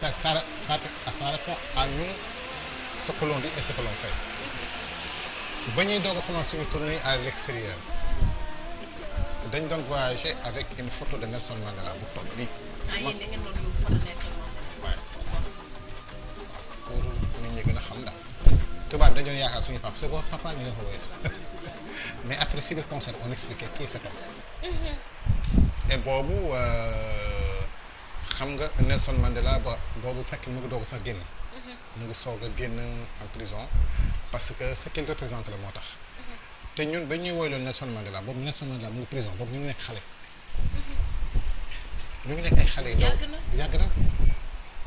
ça, ça, ça, ça répond à nous ce que l'on ba ñuy doog a commencé une tournée à l'extérieur dañ doon voyager avec une photo de Nelson Mandela bu toll nii. ah yéen da ngeen doon yóbbu photo Nelson Mandela. gën a xam ndax tubaab dañu doon yaakaar suñu papa c'est bon ñu ne ko mais après si le concert on expliquait qui boobu. xam nga Nelson Mandela ba boobu fekk mu ngi doog sax génn. Mhm. mu ngi soog a génn en prison parce que ce qu'il la moo tax. Mhm. te ñun ba ñuy woyloo Nelson Mandela boobu Nelson Mandela mu ngi prison boobu ñu ngi nekk xale. Mhm. ñu ngi nekk ay xale yu ndaw yàgg na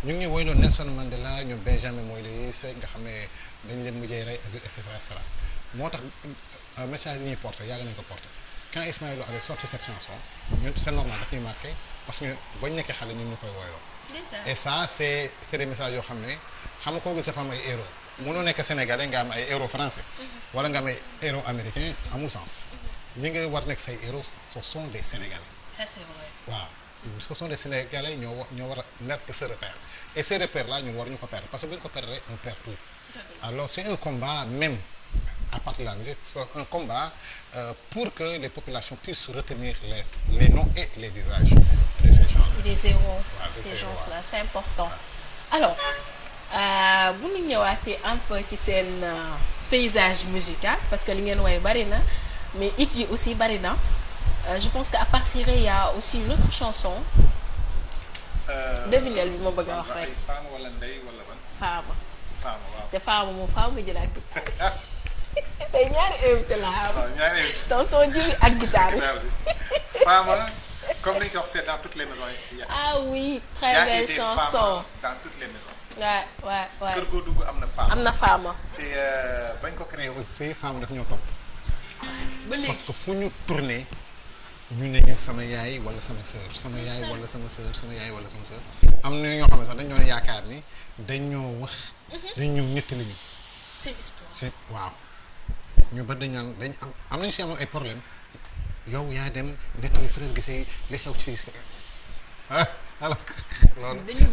ñu ngi woyloo Nelson Mandela ñoom Benjamin Moïse nga xam ne dañ leen mujjee rey et moo tax euh, message yi ñuy porté yàgg nañ ko porté. quand Ismaël Lo avait sorti cette chanson ñun c'est normal daf ñuy marqué parce que bañ nekkee xale ñun ñu koy woyloo et ça c'est c'est des messages yoo xam ne xam nga koo gis dafa am ay héros mënoo nekk sénégalais nga am ay héros français mhm. wala nga am ay héros américain amul sens ñi nga war nekk say héros ce sont des sénégalais ça c'est vrai waaw ce sont ñoo war ñoo war a nekk ce repère et ces repères là ñun ko perdre parce que bu ñu ko perdre on perd tout alors à partir la musique sont un combat euh, pour que les populations puissent retenir les, les noms et les visages de ces c'est important. Alors, euh, bu ñu ñëwaatee un peu ci seen euh, paysage musical parce que li ngeen woy bari na mais it yi aussi bari na je pense que à partir il y a aussi une autre chanson. devinel bi ma bëgg a wax rek. Faama wala Ndeye wala ban. Faama. Faama waaw te tey ñaari invité laa am. ñaari invité tonton Djibi ak guitare. ko wax c'est dans toutes ah kër goo dugg am na Fama euh, bañ ko créé aussi Fama daf ñoo topp. parce que fu ñu tourné ñu ne sama yaay wala sama sœur sama yaay wala sama sœur sama yaay wala sama sœur am na ñoo xam sax dañ yaakaar ni dañ ñoo wax. Mhm. dañ ñoo nettali ñu. waaw. ñu ba dañ dañ am am nañu si amoon ay problème yow yaa dem nettali frère Guissé li xew ci ah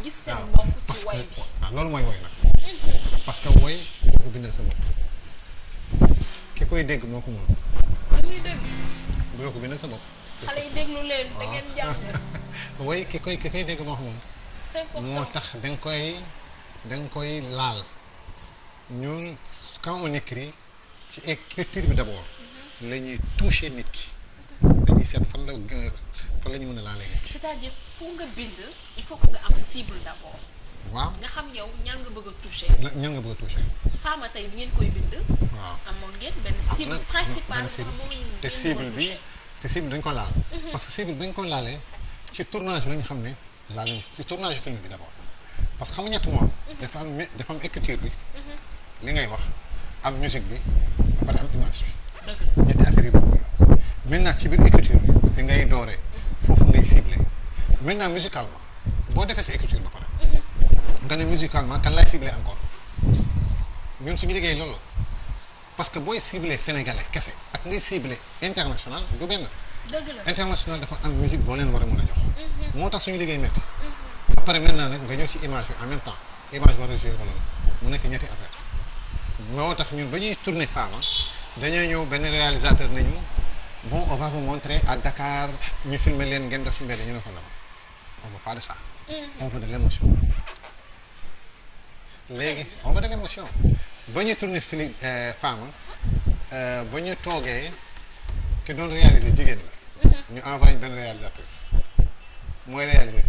gis seen bopp loolu mooy woy nag parce que woy boo ko bindal sa bopp ki koy dégg moo ko moom dañuy dégg ko dégg moo moo tax danga koy danga koy laal ñun quand on écrit ci écriture bi d' abord la mhm. ñuy toucher nit ki dañuy seet fan la fan la ñu mën a laalee nit ki. c' est à dire nga xam yow ñan nga bëgg a toucher. ñan nga bëgg a toucher. te cible bi te cible dañ ko laal. Mhm. parce que cible dañ ko laalee ci tournage bi la ñu xam ne laal ci tournage film bi d' parce que xam nga ñett moom. Mhm. dafa am dafa am écriture bi. li ngay wax. am musique bi ba pare am image bi ñetti affaire yi boobu la maintenant ci biir écriture bi fi ngay dooree foofu ngay ciblé maintenant musicalement boo defee sa écriture ba pare nga ne musicalement kan lay ciblé encore ñun suñu liggéey loolu la parce que booy ciblé sénégalais kese ak ngay ciblé international du benn dafa am boo leen war a mën a jox mhm. moo tax suñu liggéey métti ba pare maintenant nag nga ñëw ci image bi en même temps image war a jouer mu nekk ñetti affaire moo tax ñu ba ñuy tourner Fama dañoo ñëw benn réalisateur nañu bon on va vous montrer à Dakar ñu filmer leen ngeen dox ci mbedd ñu ne ko non on veut pas de ça. Mm-hmm. on veut de l'émotion. léegi ba ñu tourner fili euh, Fama euh, ba ñu toogee ki doon réaliser jigéen la. Mm-hmm. ñu envoyé benn réalisatrice mooy réaliser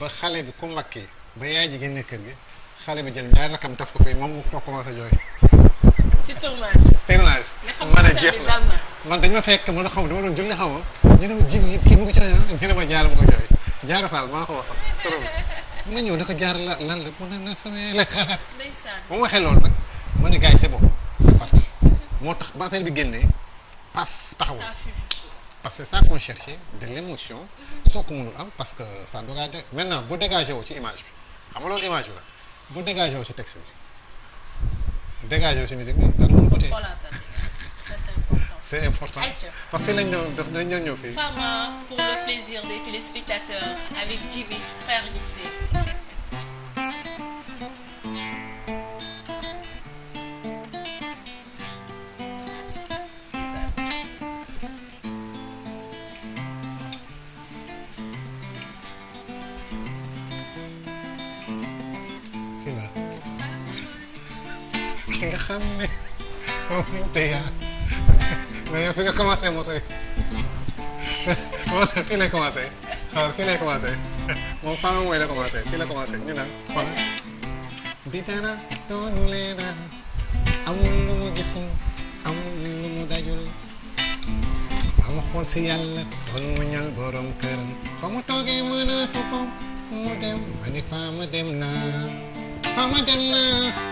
ba xale bi ku mag yi ba yaay ji génne kër gi. xale bi jël ñaari rakam taf ko fii moom moo commencé jooy. ci tournage. tournage man a jeex na man dañ ma fekk man xam dama doon julli xam nga ñu ne ma jiw kii mu ngi cooy ah. ñu ne jaar ma ko maa ko sax ma ñëw ne ko jaar la lan la mu ne na sama la xalaat. bu ma waxee loolu nag ma ne gars yi c'est bon moo tax ba affaire bi génnee paf taxawul. parce que ça qu'on cherchait de l'émotion soo ko mënul am parce que ça dégage maintenant bu dégagé woo ci image bi xam nga loolu image bi la. bu dégagé wu si texte bi dégagé wu si c'est important parce que lañ doon dañ doon ñëw fii. pour le plaisir des téléspectateurs avec Djiby frère lycée. quejarme un día. Me explico cómo hacemos hoy. Moussa fii lay commencé xaw fii lay commencé moom femme mooy la commencé fii la commencé ñu naan xoolal. bi dara doonu amul lu mu gisul amul lu mu dajul ba mu si yàlla doon mu ñal borom këram ba mu toogee mënatu ko mu dem ma ni faama dem naa faama dem naa.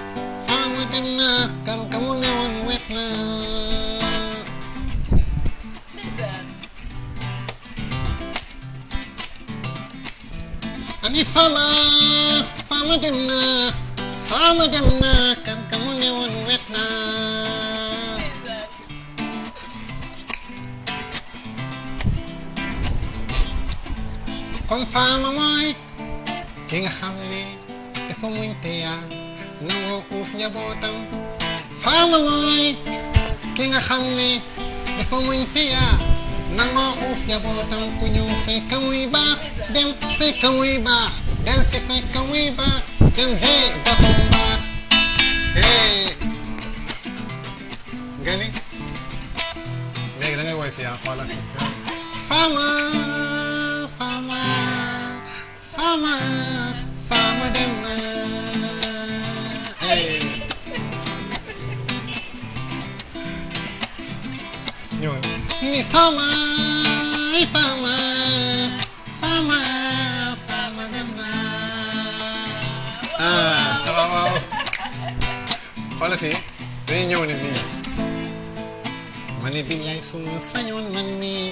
wuti naa kan ka mu ne woon wet naa ani fala fama dem naa fama dem naa kan ka mu ne woon wet naa kon fama mooy ki nga xam ne dafa muñ te yaa njabootam faama mooy ki nga xam ne dafa muñ teya nangoo uuf njabootam ku ñëw fekk muy baax dem fekk muy baax del si fekk muy baax dem hee dafa baax hee nga ni léegi da ngay woy fi yaa xoola faama Ah, fama fama fama fama dem naa ah waaw waaw xoola fii dañuy ne nii ma ne billaay suma sañoon man nii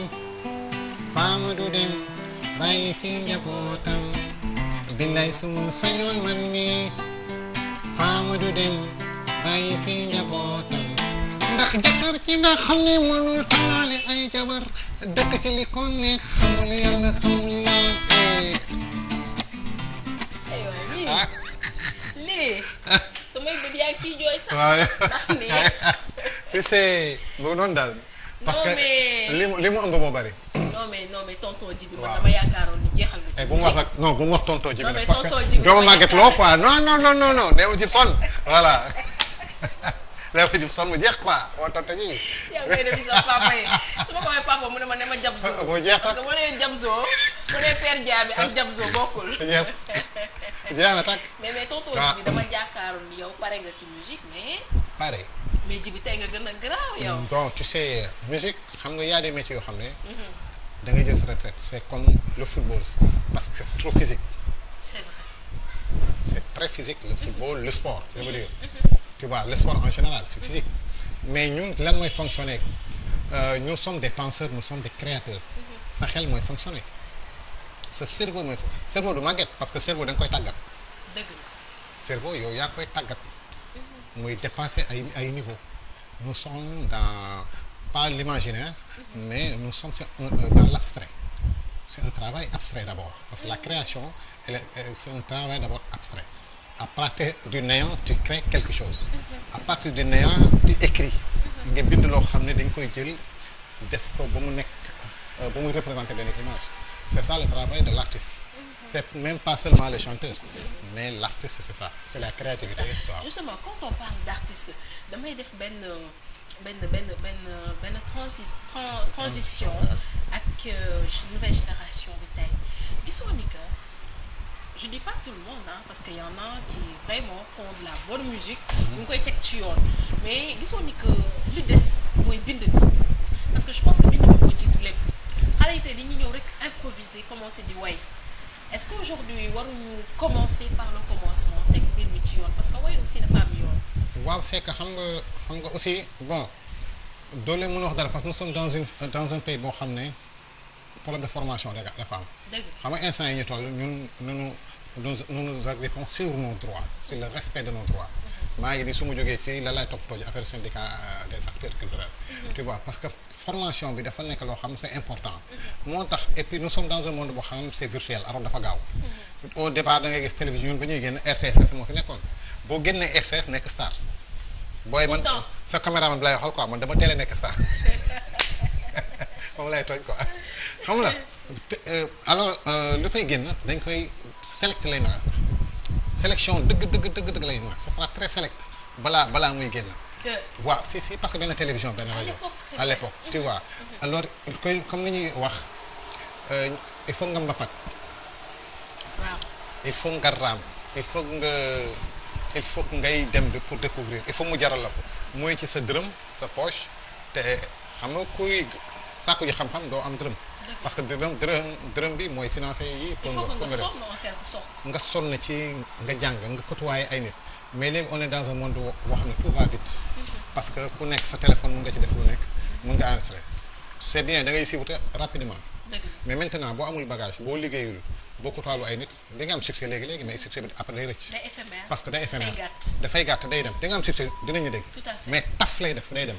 fama du dem bàyyi fi njabootam billaay suma sañoon man nii fama du dem bàyyi fi njabootam ndax jëkkër ci nga xam ne mënul talaale ay jabar dëkk ci li ko neex xamul yàlla xamul yàlla eh. lii ah. lii samay bët yaa ngi jooy sax ndax ne bu noonu daal parce que li mu li mu bari non mais non mais tonton Djibi man dama eh, wax ak wax tonton parce que doomu màgget loo quoi non non non non non néew ci fon voilà. dafa jub sax mu jeex quoi waa tontu ñu ngi. yaa ngi koy dem si yi su ma ko waxee mu ne ma ne ma jabsoo. mu jeex parce que mu nee jabsoo mu nee père jaabi ak jabsoo bokkul. na tàkk. mais mais tonton ah. bi dama jàkkaaroon yow pare nga ci musique mais. pare. mais ji bi tey nga gën a garaaw yow. bon mm, tu sais musique xam nga y a des yoo xam ne. Mhm. da jël sa retraite c'est comme le football parce que c'est trop physique. c'est très physique le football le sport je veux dire. Mhm. tu vois le sport en général c'est physique mais ñu lan mooy fonctionner euh, nous sommes des penseurs nous sommes des créateurs sa xel mooy fonctionner sa cerveau mooy cerveau du magget parce que cerveau da nga koy tàggat. dëgg cerveau yow yaa koy tàggat. Mhm. muy dépasser ay ay niveau nous sommes dans pas l'imaginaire mhm. mais nous sommes euh, dans l'abstrait c'est un travail abstrait d'abord parce que la mhm. création elle euh, c'est un travail d'abord abstrait à partir du néant tu crées quelque chose à partir du néant tu écris nga bind loo xam ne dañ koy jël def ko ba mu nekk euh, ba muy représenter benn image c'est ça le travail de l'artiste c'est même pas seulement les chanteurs mais l'artiste c'est ça c'est la créativité waaw justement quand on parle d'artiste damay def benn benn benn benn benn transi transition ak euh, nouvelle génération bi tey gisoo ni que je dis pas tout le monde parce que y en a qui vraiment font de la bonne musique koy teg ci yoon mais gisoon ni que li des mooy bind bi parce que je pense que bind bi moo jiitu lépp xale yi tey dañuy ñëw rek improviser commencer di way est-ce que aujourd'hui waruñu commencer par le commencement teg ci yoon parce que way aussi dafa am yoon waaw c'est que xam nga xam nga aussi bon doo leen mën a wax dara parce que nous sommes dans une pays boo xam ne problème de formation rek dafa am. xam nga instant yi ñu tool ñun ñun nous nous agrippons sur nos droits sur le respect de nos droits. Mhm. maa ngi ni su ma jógee fii la lay toppatoo ji affaire syndicat euh, des acteurs culturels. Mhm. tu vois parce que formation bi dafa nekk loo xam c'est important. Mhm. moo tax et puis nous sommes dans un monde boo xam c'est virtuel alors dafa gaaw. au départ da ngay gis télévision ñun ba ñuy génn RTS moo fi nekkoon boo génnee RTS nekk star. booy man sa caméraman bi lay waxal dama teel nekk star moom lay tooñ quoi. xam nga euh, alors euh, dafay génn dañ koy select lay naan sélection dëgg dëgg dëgg dëgg lay naan ce sera très select balaa balaa muy génn. waaw si si parce que benn télévision benn rajo à l'époque tu vois mm-hmm. alors comme ni ñuy wax euh, il faut nga mbapat il faut nga raam il faut nga il faut ngay dem de pour découvrir il faut mu jaral la ko mooy ci sa dërëm sa poche te xam nga kuy sàkku ji xam-xam doo am dërëm parce que dërëm dërëm dërëm bi mooy financé yi pour nga sonn ci nga jàng nga côtoyé ay nit mais léegi on est dans xam ne tout va mhm. que ku nekk sa téléphone mun nga ci def lu nekk mun da ngay siiwute rapidement mais maintenant boo amul bagage boo liggéeyul boo kotaalu ay nit di nga am succès léegi léegi mais succès bi après day rëcc parce que dafay gàtt day dem di am succès dinañu dégg mais taf lay def day dem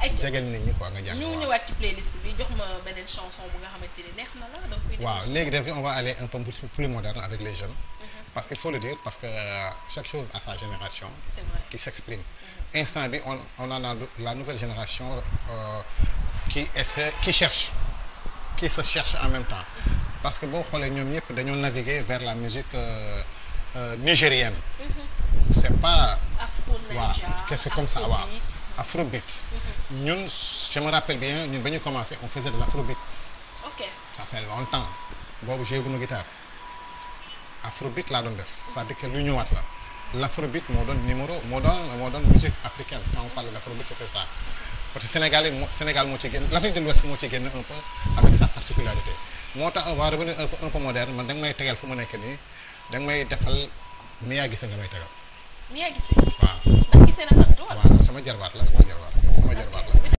ay jegal nit ñi quoi nga jàng ñu ñëwaat bi jox ma beneen chanson bu léegi def on va aller un peu plus moderne avec les jeunes. Mhm. parce qu'il faut le dire parce que euh, chaque chose a sa génération. c'est qui s'exprime. Mhm. instant bi on on a la nouvelle génération euh, qui essaie qui cherche qui se cherche en même temps mhm. parce que boo xoolee ñoom ñëpp dañoo naviguer vers la musique euh, nigérienne. c'est pas. waaw qu'est-ce comme ça waaw afrobeat mm-hmm. ñun je me rappelle ñun ba ñu commencé on faisait de l'afrobeat ok ça fait longtemps boobu joué bu nu guitare afrobeat laa doon def sa à dire que lu ñëwaat la l'afrobeat moo doon numéro moo doon moo doon musique africaine quand on parle d'afrobeat c'était ça parce que moo ci génn l'Afrique moo ci sa particularité moo tax on va revenir un peu un moderne man da may tegal fu mu nekk nii da may defal miyaa gis nga may tegal Mia Guissé. waaw ndax Guissé na sant wala. waaw sama jarbaat la sama jarbaat la sama jarbaat la.